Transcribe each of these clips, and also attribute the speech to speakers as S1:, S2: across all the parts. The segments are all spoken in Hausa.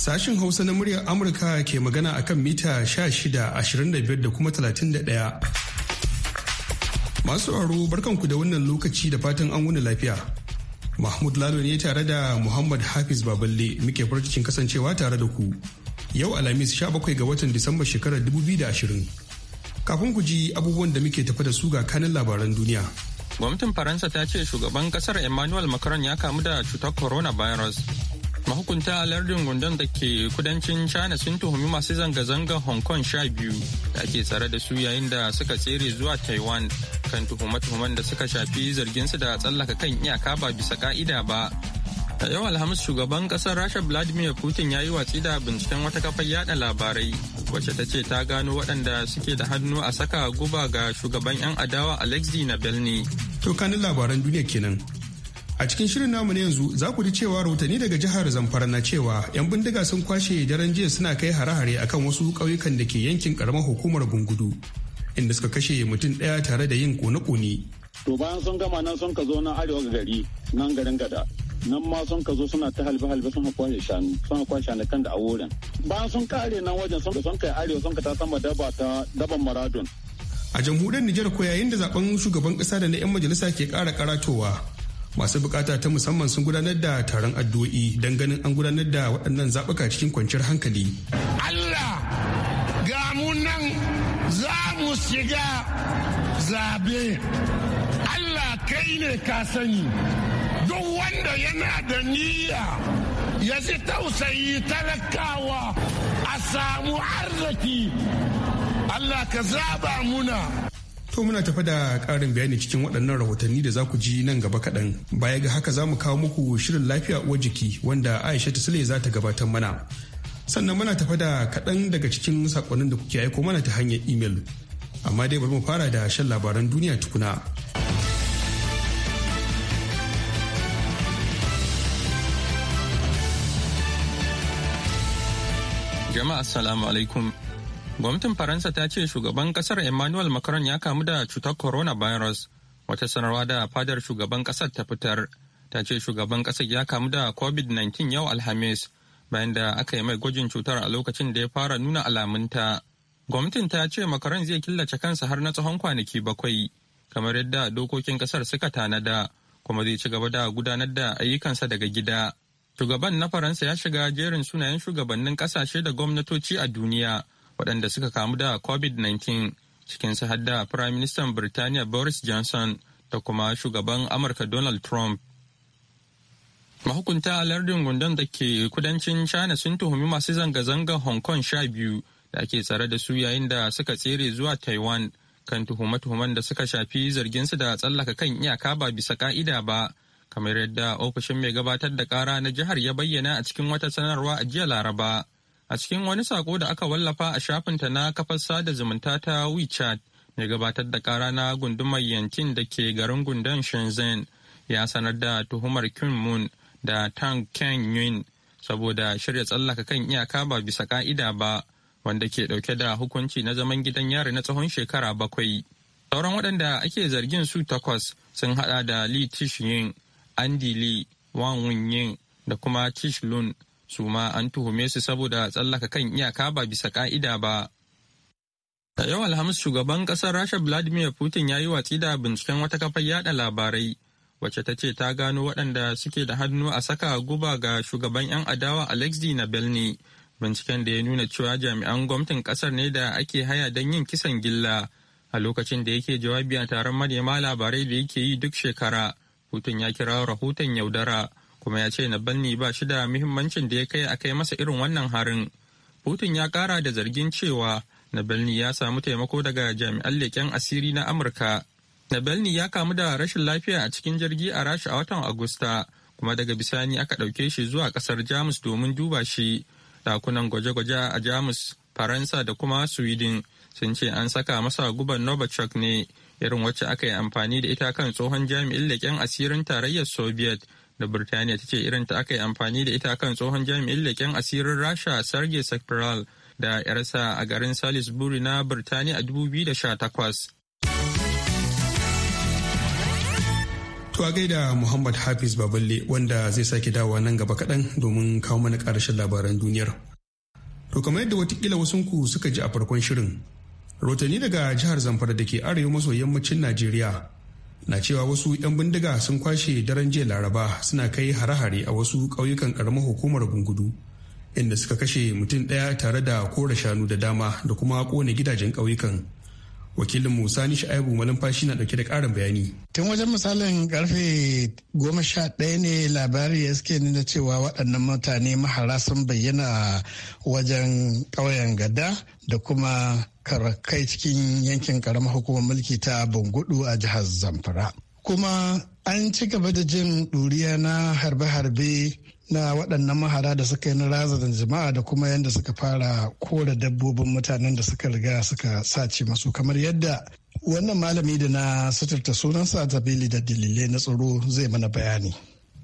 S1: Sashin Hausa na muryar Amurka ke magana akan mita 16, 25 da kuma 31. Masu aro barkanku da wannan lokaci da fatan an wuni lafiya. Mahmud Lalo ne tare da Muhammad Hafiz Baballe muke farcikin kasancewa tare da ku. Yau Alhamis 17 ga watan Disamba shekarar 2020. Kafin ku ji abubuwan da muke tafa da su ga kanin labaran duniya.
S2: Gwamnatin Faransa ta ce shugaban kasar Emmanuel Macron ya kamu da cutar coronavirus mahukunta lardin gundon da ke kudancin china sun tuhumi masu zanga-zangar hong kong sha biyu da ake tsare da su yayin da suka tsere zuwa taiwan kan tuhume-tuhumen da suka shafi zarginsu da tsallaka kan iyaka ba bisa ka'ida ba a yau alhamis shugaban kasar rasha vladimir putin ya yi watsi da binciken wata kafar yada labarai wacce ta ce ta gano waɗanda suke da hannu a saka guba ga shugaban 'yan adawa alexei navalny to kanin labaran duniya kenan
S1: A cikin shirin namu na yanzu za ku ji cewa rahotanni daga jihar Zamfara na cewa 'yan bindiga sun kwashe daren jiya suna kai hare-hare akan wasu ƙauyukan da ke yankin karamar hukumar Bungudu inda suka kashe mutum ɗaya tare da yin kone-kone.
S3: To bayan sun gama nan sun ka zo na arewa ga gari nan garin gada. Nan ma sun ka zo suna ta halbe-halbe sun kwashe shanu sun kwashe kan da a wurin. Bayan sun kare nan wajen sun kai arewa sun ka ta sama daba ta daban maradon.
S1: A jamhuriyar Nijar ko yayin da zaben shugaban kasa da na 'yan majalisa ke kara karatowa masu bukata ta musamman sun gudanar da taron addu'o'i don ganin an gudanar da waɗannan zaɓuka cikin kwanciyar hankali
S4: allah ga mu nan za mu shiga zabe allah kai ne ka sani duk wanda yana da niyya ya ji tausayi talakawa a samu arziki Allah ka zaba
S1: muna To muna tafa da karin bayani cikin waɗannan rahotanni da za ku ji nan gaba kaɗan. Baya ga haka za mu kawo muku shirin lafiya uwar jiki wanda Aisha Sule za ta gabatar mana. Sannan muna tafa da kaɗan daga cikin saƙonnin da kuke aiko mana ta hanyar imel. Amma dai bari mu fara da shan labaran duniya tukuna.
S2: Jama'a assalamu alaikum. Gwamnatin Faransa ta ce shugaban kasar Emmanuel Macron ya kamu da cutar corona virus Wata sanarwa da fadar shugaban kasar ta fitar ta ce shugaban kasar ya kamu da COVID-19 yau Alhamis bayan da aka yi mai gwajin cutar a lokacin da ya fara nuna alamunta. Gwamnatin ta ce Macron zai killace kansa har na tsawon kwanaki bakwai kamar yadda dokokin kasar suka tanada kuma zai ci gaba da gudanar da ayyukansa daga gida. Shugaban na Faransa ya shiga jerin sunayen shugabannin kasashe da gwamnatoci a duniya. waɗanda suka kamu da covid-19 cikin har da Prime Birtaniya Boris Johnson da kuma shugaban Amurka Donald Trump. Mahukunta lardin gundon da ke kudancin China sun tuhumi masu zanga-zangar Hong Kong sha biyu da ake tsare da su yayin da suka tsere zuwa Taiwan kan tuhume-tuhumen da suka shafi zarginsu da tsallaka kan iyaka ba bisa ka'ida ba, kamar yadda ofishin mai gabatar da ƙara na jihar ya bayyana a cikin wata sanarwa a jiya Laraba. A cikin wani sako da aka wallafa a shafinta na kafar sada zumunta ta WeChat mai gabatar da kara na gundumar yankin da ke garin gundan Shenzhen ya sanar da tuhumar Kim Moon da Tang Ken Yun saboda shirya tsallaka kan iyaka ba bisa ka'ida ba wanda ke dauke da hukunci na zaman gidan yari na tsawon shekara bakwai. Sauran waɗanda ake zargin su takwas sun haɗa da Li Tish Andy Lee, Wang yin da kuma Tish Lun su ma an tuhume su saboda tsallaka kan iyaka ba bisa ka'ida ba. Da yau Alhamis shugaban kasar Rasha Vladimir Putin ya yi watsi da binciken wata kafar yada labarai wacce ta ce ta gano waɗanda suke da hannu a saka guba ga shugaban 'yan adawa Alexei Navalny. Binciken da ya nuna cewa jami'an gwamnatin kasar ne da ake haya don yin kisan gilla a lokacin da yake jawabi a taron manema labarai da yake yi duk shekara. Putin ya kira rahoton yaudara. kuma ya ce Navalny ba shi da muhimmancin da ya kai a kai masa irin wannan harin. Putin ya kara da zargin cewa Navalny ya samu taimako daga jami'an leƙen asiri na Amurka. Navalny ya kamu da rashin lafiya a cikin jirgi a Rasha a watan Agusta, kuma daga bisani aka ɗauke shi zuwa ƙasar Jamus domin duba shi. Dakunan gwaje-gwaje a Jamus, Faransa da kuma Sweden sun ce an saka masa guban Novichok ne, irin wacce aka yi amfani da ita kan tsohon jami'in leƙen asirin tarayyar Soviet da Birtaniya ta ce irin ta aka yi amfani da ita kan tsohon jami'in leƙen asirin Rasha Sergei Sakharov da 'yarsa a garin Salisbury na Birtaniya a 2018. To a gaida
S1: Muhammad Hafiz Baballe wanda zai sake dawowa nan gaba kaɗan domin kawo mana ƙarshen labaran duniyar. To kamar yadda watakila wasunku suka ji a farkon shirin, rotani daga jihar Zamfara da ke arewa maso yammacin Najeriya na cewa wasu 'yan bindiga sun kwashe daren jiya laraba suna kai hare-hare a wasu ƙauyukan ƙaramar hukumar gungudu inda suka kashe mutum ɗaya tare da kore shanu da dama da kuma kone gidajen ƙauyukan wakilin musa ni sha'ibu malumfashi na ɗauke da ƙarin bayani tun wajen misalin
S4: karfe goma sha ɗaya ne labari ya suke nuna cewa waɗannan mutane mahara sun bayyana wajen ƙauyen gada da kuma karakai cikin yankin karamar hukumar mulki ta bangudu a jihar zamfara kuma an ci gaba da jin ɗuriya na harbe-harbe na waɗannan mahara da suka yi na razana jama'a da kuma yadda suka fara kora dabbobin mutanen da suka riga suka sace masu kamar yadda wannan malami da na suturta sunansa tabili da dalilai na tsaro zai mana bayani.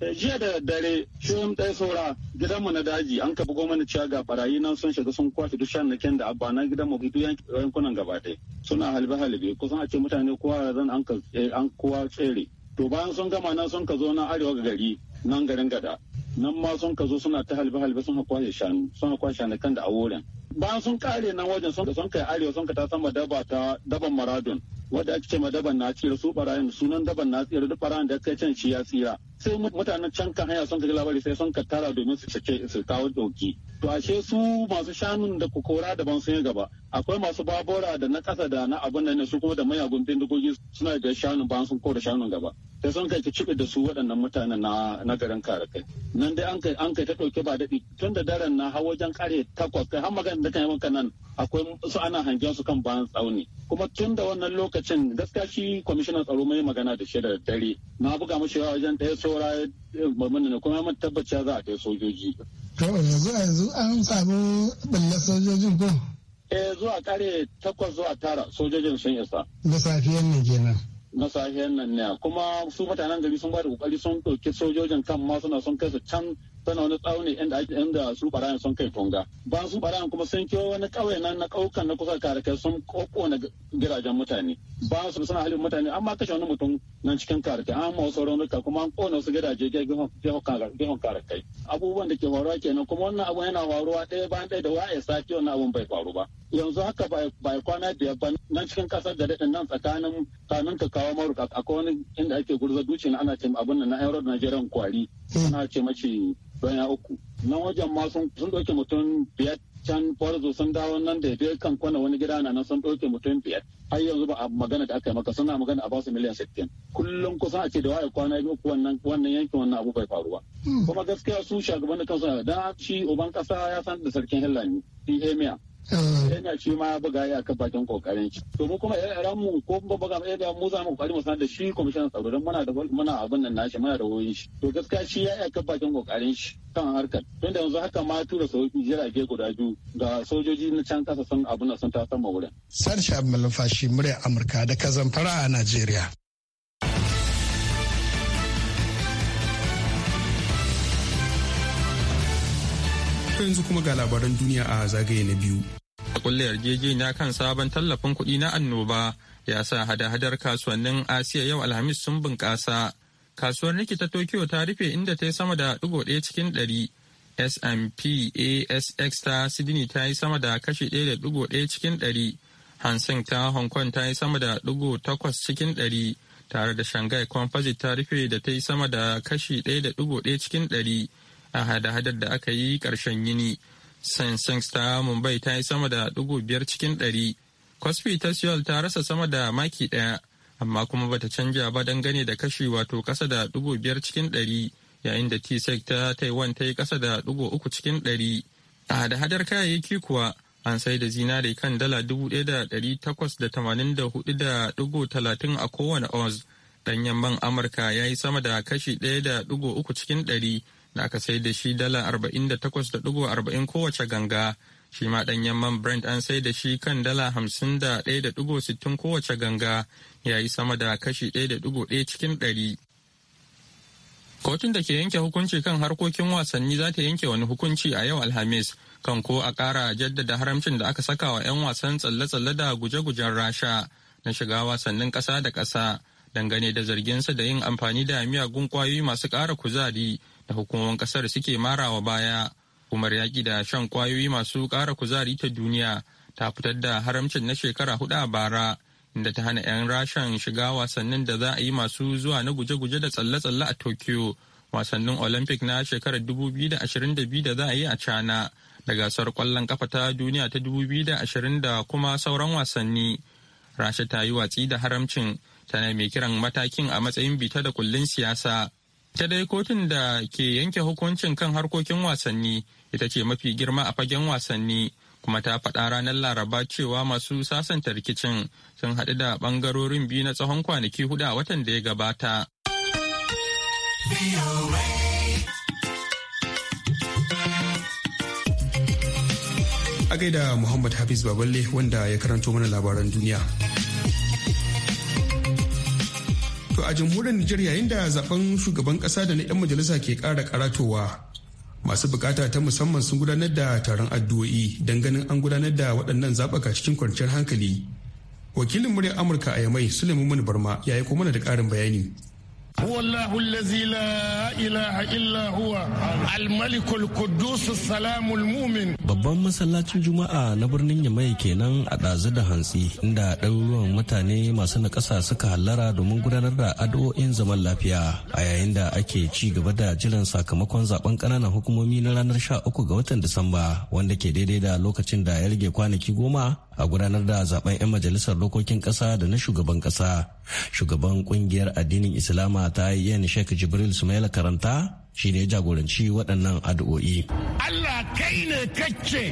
S3: Eh, jiya da dare shirin ɗaya saura gidanmu na daji an kafa goma cewa ga barayi nan sun shiga sun kwashe duk naken da abba na mu duk yankunan gaba ɗaya suna halbe halbe kusan a ce mutane kowa zan eh, an kowa tsere to bayan sun gama nan sun ka zo na arewa ga gari nan garin gada nan ma sun ka zo suna ta halbe halbe sun kwashe shanu sun kwashe shanakan da a wurin bayan sun kare nan wajen sun sun kai arewa sun ta sama daba ta daban maradon wadda ake ce ma daban na tsira su barayin sunan daban na tsira duk barayin da kai can shi ya tsira sai mutanen can kan haya sun ka labari sai sun tara domin su cike su kawo doki to ashe su masu shanun da kokora daban sun yi gaba akwai masu babura da na kasa da na abin nan su kuma da mayagun bindigogi suna da shanun bayan sun kora shanun gaba sai sun kai cibe da su waɗannan mutanen na na garin karakai nan dai an kai an kai ta dauke ba daɗi tun da daren na har wajen kare takwas kai har magana da kan yi nan akwai su ana hangen su kan bayan tsauni kuma tun da wannan lokacin gaskiya shi kwamishinan tsaro mai magana da shi da dare na buga mashi wajen ɗaya saura mamman ne kuma mun tabbaci za a kai sojoji.
S5: to yanzu yanzu an samu ɓullar sojojin ko.
S3: eh zuwa kare takwas zuwa tara sojojin sun isa.
S5: Na safiyan ne kenan.
S3: na safiyar nan ne kuma su mutanen gari sun ba da kokari sun ɗauki sojojin kan ma suna sun kai su can tana wani tsauni inda ake inda su barayan sun kai tunga bayan su barayan kuma sun kiwo wani ƙauye nan na kaukan na kusa karakai sun kokona gidajen mutane ba su suna halin mutane amma kashe wani mutum nan cikin karakai an ma wasu raunuka kuma an kona su gidaje gehon karakai abubuwan da ke faruwa kenan kuma wannan abu yana faruwa ɗaya bayan ɗaya da waye sati wannan abun bai faru ba yanzu haka bai kwana biyar ba nan cikin kasar da daɗin nan tsakanin kanun ka kawo maruka a wani inda ake gurza duci ana ce abin nan na da najeriya kwari hmm. ana ce mace don ya uku nan wajen ma sun ɗauke mutum biyar can farzo sun dawo nan da biyar kan kwana wani gida na nan sun ɗauke mutum biyar har yanzu ba a magana da aka yi maka suna magana a basu miliyan sittin kullum kusan a ce da waye kwana biyu wannan wannan yankin wannan abu bai faruwa hmm. kuma gaskiya su shugaban da kansu da shi uban kasa ya san da sarkin hillani ni emir Eh. yana shi ma buga ya kan bakin kokarin shi to mu kuma ran mu ko buga mu da mu za mu kokari mu san da shi commissioner tsaro don muna da muna abin nan nashi muna da wayoyin shi to gaskiya shi ya kan bakin kokarin shi kan harkar don da yanzu haka ma tura sojoji jirage guda biyu ga sojoji na can kasa sun abin nan sun ta sama wurin.
S4: Sarsha Malumfashi murya Amurka da Kazamfara a Najeriya.
S1: har yanzu kuma ga labaran duniya a zagaye na biyu.
S2: Kulle yarjejeniya kan sabon tallafin kuɗi na annoba ya sa hada-hadar kasuwannin Asiya yau Alhamis sun bunƙasa. Kasuwar Niki ta Tokyo ta rufe inda ta yi sama da ɗigo ɗaya cikin ɗari. S&P ASX ta Sydney ta yi sama da kashi ɗaya da ɗigo ɗaya cikin ɗari. ta Hong Kong ta yi sama da ɗigo takwas cikin ɗari. Tare da Shanghai Composite ta rufe da ta yi sama da kashi ɗaya da ɗigo cikin ɗari. a hada-hadar da aka yi ƙarshen yini sensex ta mumbai ta yi sama da ɗigo biyar cikin ɗari cosby ta seoul ta rasa sama da maki ɗaya amma kuma bata canja ba dangane da kashi wato ƙasa da ɗigo biyar cikin ɗari yayin da t T-Sec ta taiwan ta yi ƙasa da ɗigo uku cikin ɗari a hada-hadar kayayyaki kuwa an sai da zinare kan dala dubu da da da da takwas tamanin hudu talatin a kowane oz ɗanyen man amurka ya yi sama da kashi da ɗaya uku cikin ɗari da aka sai da shi dala 48.40 kowace ganga shi ma ɗanyen man brent an sai da shi kan dala 51.60 kowace ganga ya yi sama da kashi 1.1 cikin 100 kotun da ke yanke hukunci kan harkokin wasanni za ta yanke wani hukunci a yau alhamis kan ko a kara jaddada haramcin da aka saka wa 'yan wasan tsalle-tsalle da guje-gujen rasha na shiga wasannin kasa da kasa dangane da zarginsa da yin amfani da miyagun kwayoyi masu kara kuzari da hukumomin kasar suke marawa baya umar yaƙi da shan kwayoyi masu ƙara kuzari ta duniya ta fitar da haramcin na shekara hudu a bara inda ta hana 'yan rashan shiga wasannin da za a yi masu zuwa na guje-guje da tsalle-tsalle a tokyo wasannin olympic na shekarar 2022 da za a yi a cana da gasar kwallon kafa ta duniya ta 2020 da kuma sauran wasanni rasha ta yi watsi da haramcin tana mai kiran matakin a matsayin bita da kullun siyasa ta dai kotun da ke yanke hukuncin kan harkokin wasanni ita ce mafi girma a fagen wasanni kuma ta faɗa ranar laraba cewa masu sasanta rikicin sun haɗu da ɓangarorin biyu na tsawon kwanaki hudu a watan da ya gabata.
S1: A da Muhammad Hafiz Baballe wanda ya karanto mana labaran duniya. a jamhuriyar Nijar yayin da zaben shugaban kasa da na 'yan majalisa ke kara karatowa. Masu bukata ta musamman sun gudanar da taron addu'o'i don ganin an gudanar da waɗannan zaɓaka cikin kwanciyar hankali. Wakilin muryar Amurka a Yamai Suleiman Barma ya yi na da ƙarin bayani. هو الله الذي
S4: لا إله إلا هو الملك القدوس السلام المؤمن
S6: babban masallacin juma'a na birnin yamai kenan a ɗazu da hantsi inda ɗaruruwan mutane masu naƙasa suka hallara domin gudanar da addu'o'in zaman lafiya a yayin da ake ci gaba da jiran sakamakon zaben ƙananan hukumomi na ranar 13 ga watan disamba wanda ke daidai da lokacin da ya rage kwanaki goma a gudanar da zaben 'yan majalisar dokokin ƙasa da na shugaban ƙasa shugaban ƙungiyar addinin islama ta yi yan shek jibril sumaila karanta shi ne jagoranci waɗannan addu'o'i.
S4: Allah kai ne kacce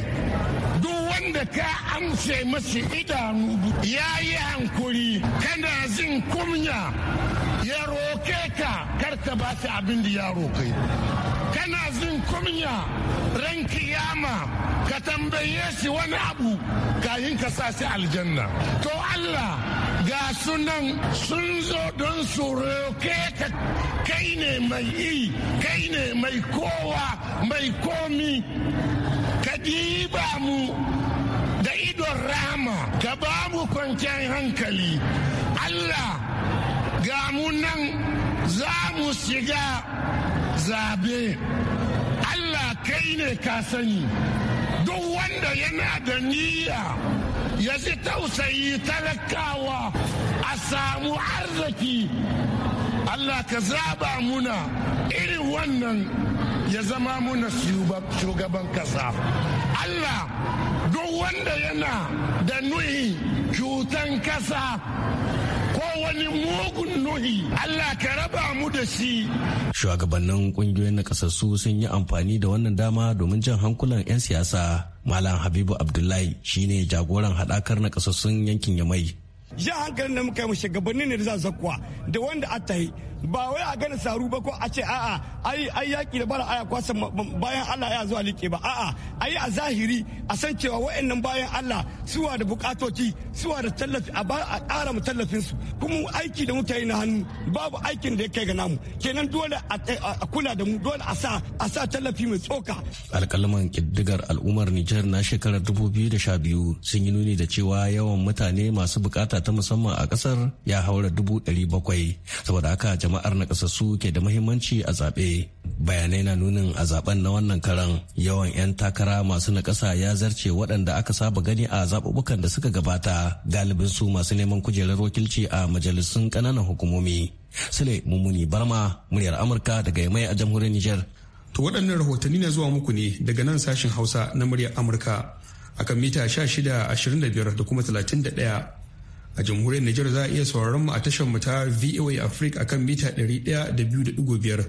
S4: duk wanda ka amse masa idanu ya yi hankuri kana jin kumya ya roke ka karka ba ta abin da ya roke. Kana jin kumya ran kiyama ka tambaye shi wani abu kayin ka sa shi aljanna. To Allah ga sunan sun zo don su roke ka kai ne mai yi kai ne mai kowa mai komi ka diba mu da idon rama ka ba mu kwanciyar hankali allah ga mu nan za mu shiga zabe allah kai ne ka sani duk wanda yana da niyya ya ji tausayi talakawa a samu arziki Allah ka zaba muna irin wannan ya zama muna shugaban kasa Allah duk wanda yana da nuhi cutan kasa wani mugun nuhi Allah ka raba mu da shi.
S6: Shugabannin kungiyoyin na sun yi amfani da wannan dama domin jan hankulan 'yan siyasa Malam Habibu Abdullahi shine jagoran hadakar na kasassun yankin Yamai.
S4: Ja hankalin da muka yi mu shugabanni ne da za kuwa da wanda a yi ba wai a gani saru ba ko a ce a'a ai ai yaki da bara aya kwasa bayan Allah ya zuwa like ba a'a ai a
S1: zahiri a san cewa wayannan bayan Allah suwa da bukatoci suwa da tallafi a ba a ƙara mu tallafin su kuma aiki da muka yi na hannu babu aikin da ya kai ga namu kenan dole a kula da mu dole a sa a sa tallafi mai tsoka
S6: alƙalman kiddigar al'ummar Nijar na shekarar 2012 sun yi nuni da cewa yawan mutane masu bukata ta musamman a kasar ya haura 700 saboda haka jama'a jama'ar na su ke da muhimmanci a zaɓe bayanai na nunin a zaben na wannan karan yawan 'yan takara masu na ƙasa ya zarce waɗanda aka saba gani a zaɓuɓɓukan da suka gabata galibin su masu neman kujerar wakilci a majalisun ƙananan hukumomi sule mummuni barma muryar amurka
S1: daga yamai a jamhuriyar niger to waɗannan rahotanni na zuwa muku ne daga nan sashin hausa na muryar amurka akan mita 16 25 da kuma 31 a jamhuriyar Nijar za a iya sauraron mu a tashar mu ta VOA Africa akan mita biyar.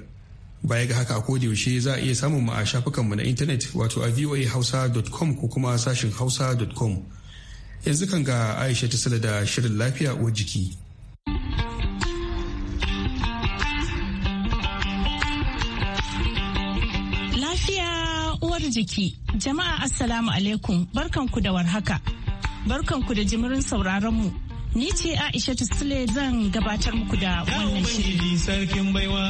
S1: baya ga haka a koda yaushe za a iya samun mu a shafukan mu na intanet wato a voahausa.com ko kuma sashin hausa.com yanzu kan ga Aisha ta sala da shirin lafiya uwar jiki
S7: lafiya uwar jiki jama'a assalamu alaikum barkanku da warhaka barkanku da jimirin sauraron mu Ni ce Aisha Sule zan gabatar muku da wannan
S3: bangiji sarkin baiwa.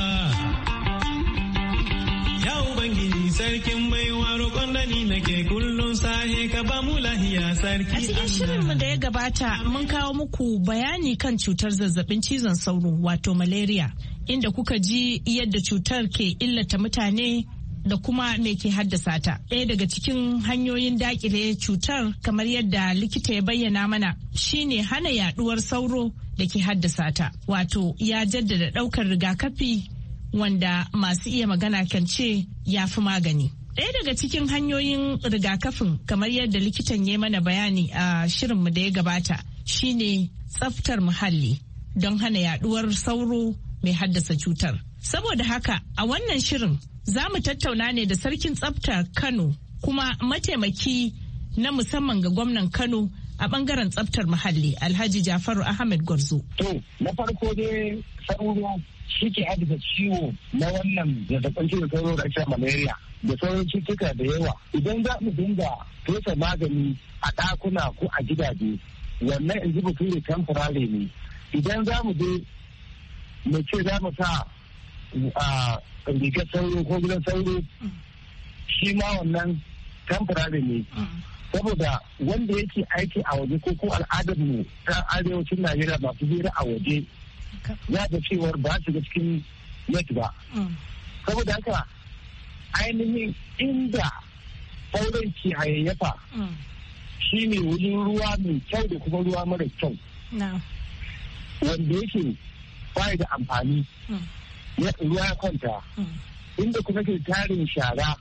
S3: Yau bangiji sarkin baiwa roƙon da ni nake kullum sahe ka ba mu lahiya sarki. A cikin shirinmu
S7: da ya gabata mun kawo muku bayani kan cutar zazzabin cizon sauro wato malaria. Inda kuka ji yadda cutar ke illata mutane da kuma me ke haddasa ta. Ɗaya daga cikin hanyoyin dakile cutar kamar yadda likita ya bayyana mana shine hana yaduwar sauro da ke haddasa ta. Wato ya jaddada ɗaukar rigakafi wanda masu iya magana kan ce ya fi magani. Ɗaya daga cikin hanyoyin rigakafin kamar yadda likitan ya mana bayani a shirin mu da ya gabata shine tsaftar muhalli don hana yaduwar sauro mai haddasa cutar. Saboda haka a wannan shirin Za mu tattauna ne da sarkin tsafta Kano kuma mataimaki na musamman ga gwamnan Kano a bangaren tsaftar muhalli Alhaji Jafaru Ahmed Gwarzo.
S8: To, na farko dai sauro shi ke haddasa ciwo na wannan da ta sauro da ake malaria da sauran cutuka da yawa. Idan za mu dinga fesa magani a ɗakuna ko a gidaje, wannan in ji bature temporary ne. Idan za mu je mu ce za mu sa rigar sauro ko gidan sauro shi ma wannan temporary ne saboda wanda yake aiki a waje ko ko al'adar mu ta arewacin najeriya masu hira a waje ya da cewar ba su ga cikin net ba saboda haka ainihin inda sauran ke hayayyafa shi ne wurin ruwa mai kyau da kuma ruwa mara kyau wanda yake bai da amfani ya kwanta mm. inda kuma ke tarin shara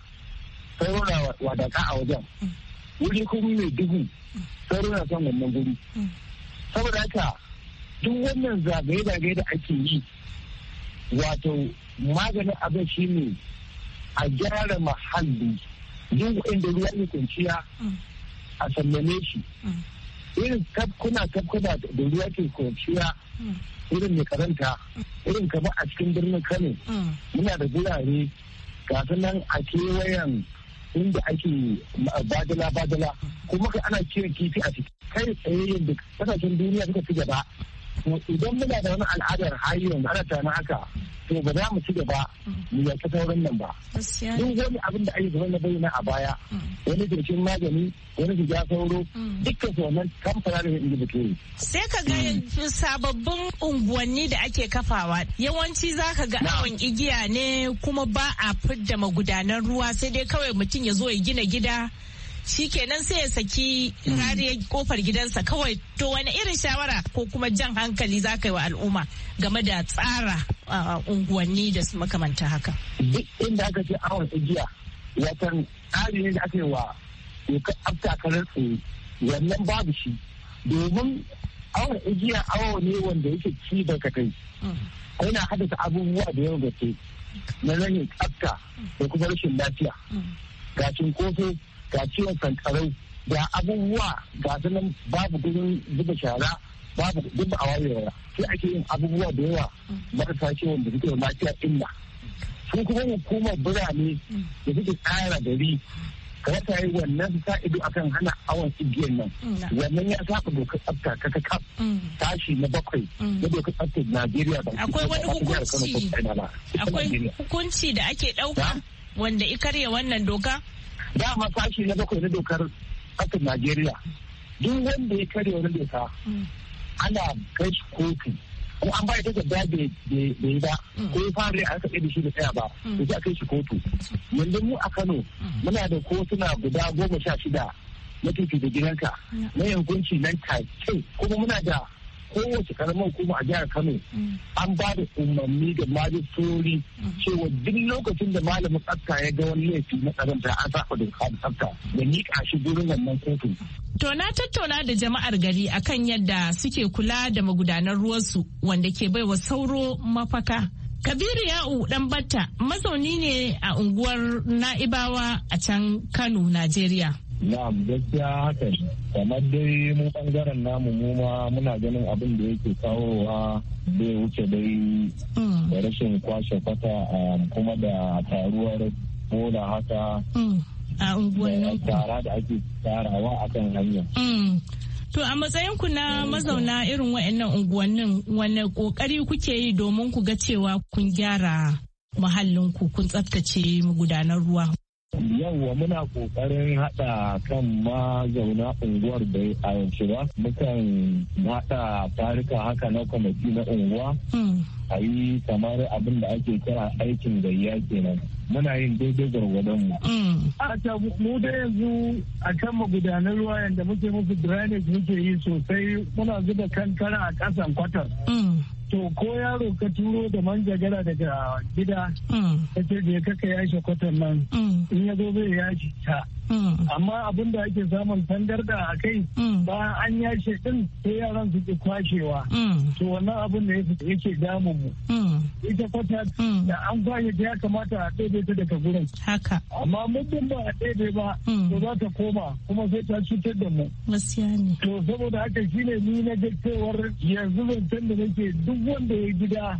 S8: saurara wadaka a wajen mm. wuri kuma mai duhu saurara son wannan guri mm. saboda haka duk wannan zagaye-zagaye da ake yi wato maganin abin shi ne a gyara mahalli duk inda ruwa ne kwanciya a sallame shi irin kuna kafkuna da ruwa ke kwanciya irin mai karanta irin kama a cikin birnin kano mm. muna da gurare kasu nan a kewayen inda ake badala badala kuma ka ana kiran kifi a ciki kai tsaye yadda kasashen duniya suka fi gaba idan muna da wani al'adar hayyar ana tana haka to ba za mu ci gaba mu ta sauran nan ba duk wani abin da ake zama na bayyana a baya mm. wani jirgin magani wani shiga sauro mm. dukkan su wannan kamfana da yanzu da ke
S7: sai ka ga sababbin unguwanni da ake kafawa yawanci za ka ga awon igiya ne kuma ba a fidda magudanan ruwa sai dai kawai mutum ya zo ya gina gida Shi shikenan sai ya saki rariyar kofar gidansa kawai to wani irin shawara ko kuma jan hankali za ka yi wa al'umma game da tsara unguwanni da su makamanta haka.
S8: inda aka ce awon ya san tsari ne da aka yi wa dokar karar tsaye wannan babu shi domin awon igiya awo ne wanda yake ci da ka kai mm. yana haddasa abubuwa da yawan gaske na ranin tsafta da kuma rashin lafiya mm. gashin kofi ga ciwon sankarau ga abubuwa ga sanan babu gurin zuba shara babu duk a wayewa sai ake yin abubuwa da yawa marasa ciwon da suke lafiya illa sun kuma hukumar birane da suke tsara gari ka ta yi wannan sa ido akan hana awon igiyar nan mm. wannan ya saba dokar tsafta ta ta kaf mm. tashi na bakwai mm. na dokar tsaftar najeriya ba akwai wani hukunci akwai
S7: hukunci da ake ɗauka wanda i karya wannan doka dama sashi na bakwai na
S8: dokar ƙasar najeriya duk wanda ya karya wani doka ana kai shi kotu ko an da takarda da yi ba ko ya fara a aka da shi da tsaya ba to za kai shi kotu yanzu mu a Kano muna da kotuna guda goma sha shida na tuki da gidanka na yankunci nan take kuma muna da kowace karamar hukuma a jihar kano an ba da umarni da majistori cewa duk lokacin da malamin tsafta ya ga wani laifi na karanta an saba doka da tsafta da miƙa shi gurin wannan kotu.
S7: to tattauna da jama'ar gari akan yadda suke kula da magudanan ruwansu wanda ke baiwa sauro mafaka. Kabiru Ya'u dan Batta mazauni ne a unguwar Na'ibawa a can Kano, Najeriya.
S8: Na'am gaskiya haka kamar dai mu bangaren namu mu ma muna ganin abin da yake kawowa bai wuce dai mm. da rashin kwashe kwata um, kuma da taruwar bola haka mm.
S7: a unguwannin tara da
S8: ake tarawa a kan hanya.
S7: Mm. To a matsayin ku na mazauna irin wa'annan unguwannin wane kokari kuke yi domin ku ga cewa kun gyara muhallinku kun tsaftace magudanar ruwa.
S8: yawwa muna kokarin hada kan ma zauna unguwar da a yanzu ba mukan hada tarika haka na kwamiti na unguwa hmm. a yi kamar abin da ake kira aikin gayya kenan muna yin daidai gwargwadon mu. Hmm. A ta mu da yanzu a kan magudanar ruwa yadda muke musu drainage muke yi sosai muna zuba kankara a ƙasan kwatar. Hmm. to ko yaro ka turo da manjagara daga gida mm. ka ce da ya kaka yashi kwatan nan mm. in ya zo zai yashi ta Mm. amma abin da ake samun tangarda a kai mm. Ba an yashe din sai yaran su ke kwashewa mm. to wannan abin da yake damu mu ita kwata da an kwashe ta ya kamata a ɗebe ta daga gurin haka amma muddin ba a ɗebe ba to za ta koma kuma sai ta cutar da mu to saboda haka shine ni na ga cewar yanzu zancen da nake duk wanda ya gida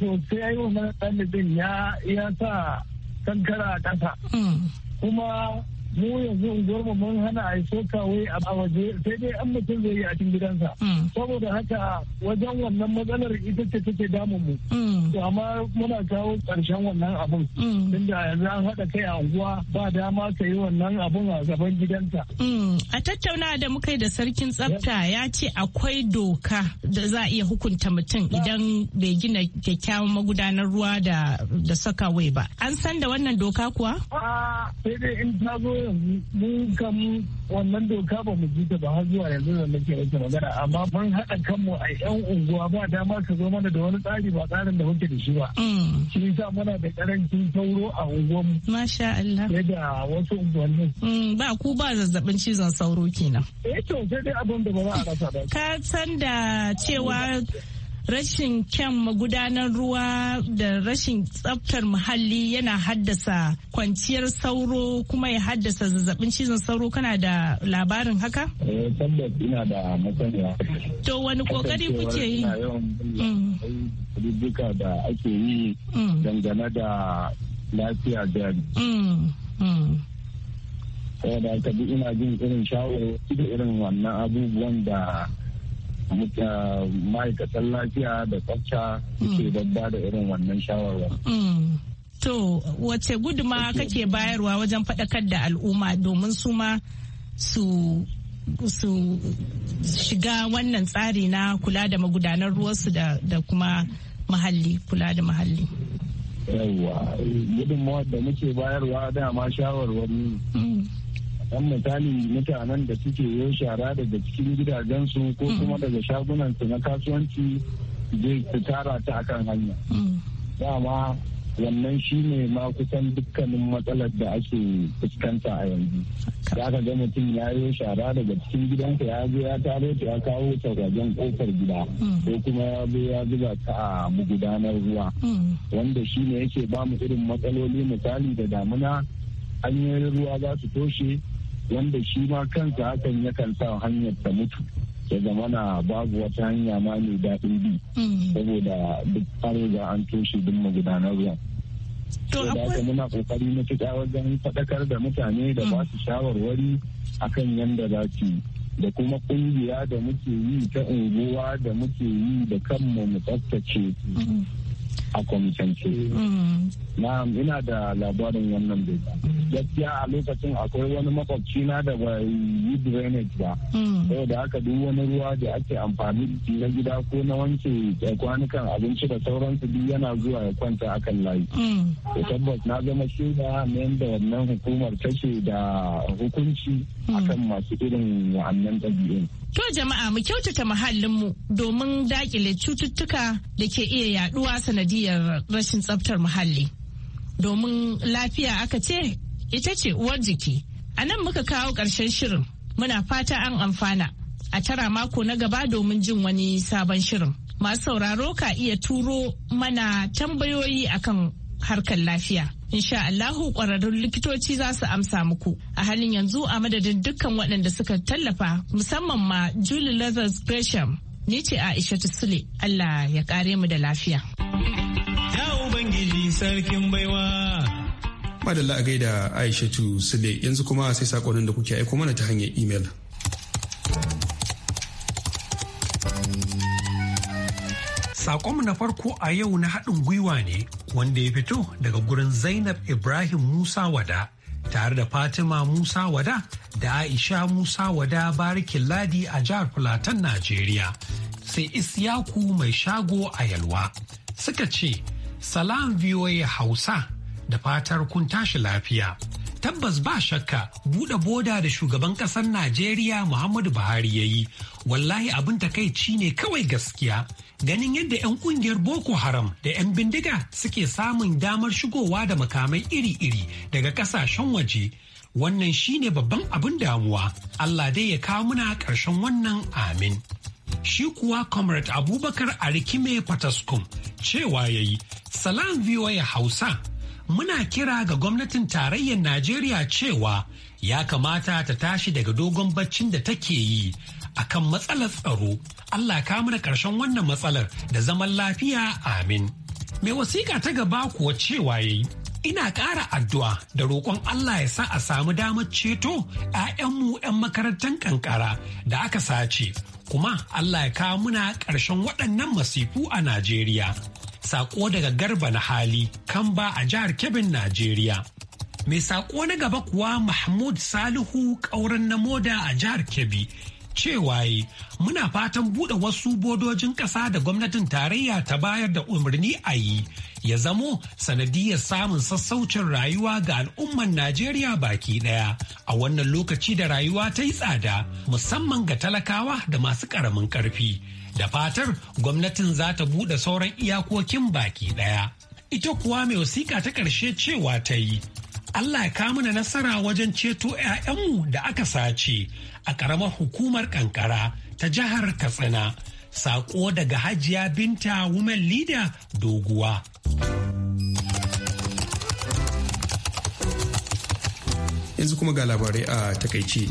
S8: to sai ya yi wannan ɗan ya sa kankara a ƙasa kuma mu yanzu unguwar mu mun hana a yi wai a waje sai dai an mutum zai yi a cikin gidansa mm. saboda haka wajen wannan matsalar ita ce take damun mu mm. to amma muna kawo karshen wannan abun mm. tunda yanzu an haɗa kai a unguwa ba dama ka yi wannan abun a gaban gidansa
S7: a tattauna da muka yi da sarkin tsafta ya ce akwai doka da za a iya hukunta mutum idan bai gina kyakkyawan magudanar ruwa da saka wai ba an san da wannan doka kuwa sai dai in ta zo yanzu mun kam
S8: wannan doka ba mu ji ta ba har zuwa yanzu da nake yake magana amma mun haɗa kanmu a yan unguwa ba dama ka zo mana da wani tsari ba tsarin da muke da shi ba. Shi yasa muna da
S7: karancin sauro a mu Masha Allah. da wasu unguwanni. Ba ku ba zazzabin cizon sauro kenan. Eh to sai dai abin da ba za a rasa ba. Ka san da cewa rashin kyan magudanar ruwa da rashin tsaftar muhalli yana haddasa kwanciyar sauro kuma ya haddasa zazzabin cizon sauro kana da labarin haka? Eh, tabbas ina da To wani kokari kuke yi?
S8: Duka mm. da ake yi mm. dangane da lafiya da mm. saboda bi ina jin irin shawo da irin wannan abubuwan da ma'aikatan lafiya da tsafta suke mm. babba da irin wannan shawarwar.
S7: Mm. To, wace guduma kake bayarwa wajen faɗakar da al'umma domin su ma su su shiga wannan tsari na kula da magudanar ruwansu da kuma mahalli kula da mahalli.
S8: Yawwa, gudunmawar da muke bayarwa dama shawarwari dan misali mutanen da suke yo shara daga cikin gidajensu ko mm. kuma daga shagunansu na kasuwanci zai su tara ta akan hanya mm. dama wannan shi ne ma kusan dukkanin matsalar da ake fuskanta a yanzu za ka ga mutum ya yi shara daga cikin gidansa ya zo ya tare ta ya kawo ta wajen kofar gida mm. ko kuma ya zo ya zuba ta a magudanar ruwa wanda shi ne yake ba mu irin matsaloli misali da damuna hanyoyin ruwa za su toshe wanda shi ma kansa hakan yakan sa hanyar ta mutu ya zama na babu wata hanya ma mai daɗin bi mm. saboda duk tsare ga an toshe duk magudanar ruwan. To da haka muna kokari fita wajen faɗakar da mutane da mm. ba su shawarwari akan yadda za su da kuma ƙungiya da muke yi ta unguwa da muke yi da kanmu mu tsaftace mm. a kwamitance. Mm. Na ina da labarin wannan bai. Gaskiya a lokacin akwai wani makwabci na da ba yi drainage ba. Mm. da haka duk wani ruwa da ake amfani na gida ko na wanke kwanukan abinci da sauransu duk yana zuwa ya kwanta akan layi. Da
S5: mm. tabbas
S8: na zama shaida na yadda wannan hukumar ce da hukunci akan masu irin wa'annan ɗabi'un.
S7: To jama'a mu kyautata muhallinmu domin dakile cututtuka da ke iya yaduwa sanadiyar rashin tsaftar muhalli. Domin lafiya aka ce ita ce uwar jiki. A nan muka kawo ƙarshen shirin muna fata an amfana a tara mako na gaba domin jin wani sabon shirin. Masu sauraro ka iya turo mana tambayoyi akan harkar lafiya. Insha Allahu kwararrun likitoci za su amsa muku. A halin yanzu a madadin dukkan waɗanda suka tallafa musamman ma Julie Leathers Gresham. Ni ce Aisha Sule Allah ya kare mu da lafiya.
S1: Ya Ubangiji sarkin baiwa. Madalla a gaida Aisha Sule yanzu kuma sai sakonin da kuke aiko mana ta hanyar imel.
S9: Sakonmu na farko a yau na haɗin gwiwa ne wanda ya fito daga gurin Zainab Ibrahim Musa Wada tare da Fatima Musa Wada da Aisha Musa Wada Barikin Ladi a jihar Fulatan Najeriya sai Isyaku mai shago a Yalwa suka ce Salam VOA Hausa da fatar kun tashi lafiya. tabbas ba shakka buɗe boda da shugaban kasar Najeriya Muhammadu Buhari ya yi, wallahi abin takaici ne kawai gaskiya. ganin yadda 'yan kungiyar boko haram da 'yan bindiga suke samun damar shigowa da makamai iri-iri daga kasashen waje wannan shine babban abin damuwa allah dai ya kawo muna ƙarshen wannan amin shi kuwa comrade abubakar arikime fataskum cewa ya yi salam ya hausa muna kira ga gwamnatin tarayyar najeriya cewa ya kamata ta tashi daga dogon baccin da take yi akan matsalar tsaro. Allah ka mana karshen wannan matsalar da zaman lafiya amin. Mai wasiƙa ta gaba kuwa cewa ya yi. Ina ƙara addu'a da roƙon Allah ya sa a samu damar ceto 'ya'yanmu 'yan makarantar ƙanƙara da aka sace, kuma Allah ya kawo muna ƙarshen waɗannan masifu a Najeriya. Saƙo daga Garba na hali, Kamba a jihar Kebin, Najeriya. Mai saƙo na gaba kuwa Mahmud Salihu ƙauren na moda a jihar Kebbi cewa muna fatan buɗe wasu bodojin ƙasa da gwamnatin tarayya ta bayar da umarni a yi ya zamo sanadiyar samun sassaucin rayuwa ga al'umman Najeriya baki ɗaya a wannan lokaci da rayuwa ta yi tsada musamman ga talakawa da masu ƙaramin ƙarfi. Da fatar gwamnatin za ta buɗe sauran iyakokin baki ɗaya. Ita kuwa mai wasiƙa ta ƙarshe cewa ta yi. Allah ya kamu na nasara wajen ceto 'ya'yanmu da aka sace a ƙaramar hukumar kankara ta jihar Katsina. Saƙo daga Hajiya Binta Women Leader Doguwa.
S1: Yanzu kuma ga labarai a takaici.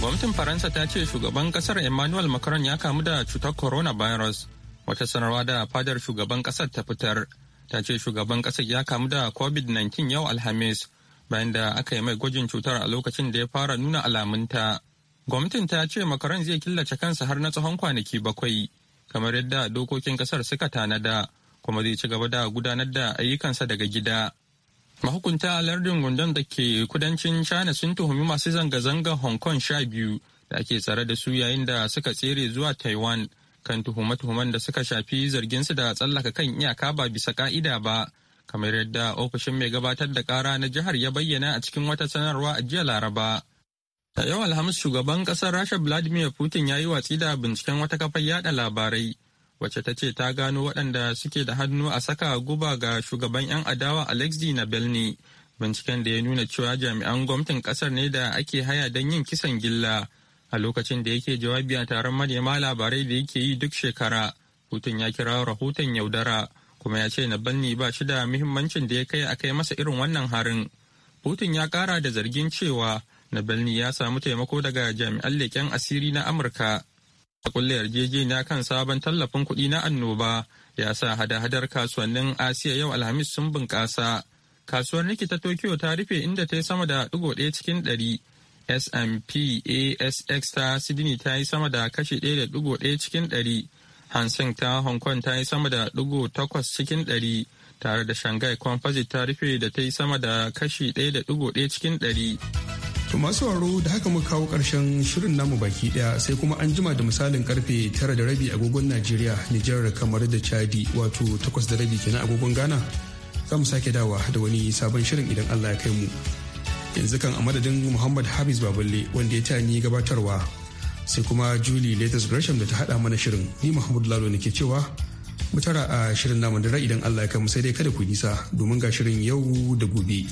S2: Gwamnatin Faransa ta ce shugaban kasar Emmanuel Macron ya kamu da cutar virus. Wata sanarwa da fadar shugaban kasar ta fitar ta ce shugaban kasar ya kamu da COVID-19 yau Alhamis bayan da aka yi mai gwajin cutar a lokacin da ya fara nuna alamunta. Gwamnatin ta ce Macron zai killace kansa har na tsawon kwanaki bakwai kamar yadda dokokin kasar suka tanada kuma zai ci gaba da gudanar da ayyukansa daga gida. Mahukunta lardin gundon da ke kudancin China sun tuhumi masu zanga-zangar Hong Kong sha biyu da ake tsare da su yayin da suka tsere zuwa Taiwan kan tuhume-tuhumen da suka shafi zarginsu da tsallaka kan iyaka ba bisa ka'ida ba, kamar yadda ofishin mai gabatar da kara na jihar ya bayyana a cikin wata sanarwa a jiya Laraba. A yau Alhamis shugaban ƙasar Rasha Vladimir Putin ya yi watsi da binciken wata kafar yada labarai wacce ta ce ta gano waɗanda suke da hannu a saka guba ga shugaban 'yan adawa na Navalny. Binciken da ya nuna cewa jami'an gwamnatin ƙasar ne da ake haya don yin kisan gilla a lokacin da yake jawabi a taron manema labarai da yake yi duk shekara. Hutun ya kira rahoton yaudara kuma ya ce nabelny ba shi da muhimmancin da ya kai a kai masa irin wannan harin. hutun ya kara da zargin cewa nabelny ya samu taimako daga jami'an leƙen asiri na Amurka kulle na kan sabon tallafin kuɗi na annoba ya sa hada-hadar kasuwannin asiya yau alhamis sun bunƙasa kasuwar niki ta tokyo ta rufe inda ta yi sama da ɗigo ɗaya cikin ɗari S&P ASX ta Sydney ta yi sama da kashi ɗaya da ɗigo ɗaya cikin ɗari Hang ta Hong Kong ta yi sama da ɗigo takwas cikin ɗari tare da Shanghai Composite ta rufe da ta yi sama da kashi ɗaya da ɗigo ɗaya cikin ɗari
S1: To masu waro da haka muka kawo karshen shirin namu baki ɗaya sai kuma an jima da misalin karfe tara da rabi agogon Najeriya, Nijar kamar da Chadi wato takwas da rabi kenan agogon Ghana. Za mu sake dawa da wani sabon shirin idan Allah ya kai mu. Yanzu kan a madadin Muhammad Hafiz Baballe wanda ya tani gabatarwa sai kuma Julie Latest Gresham da ta haɗa mana shirin ni Muhammad Lalo ke cewa mu a shirin namu da idan Allah ya kai mu sai dai kada ku nisa domin ga shirin yau da gobe.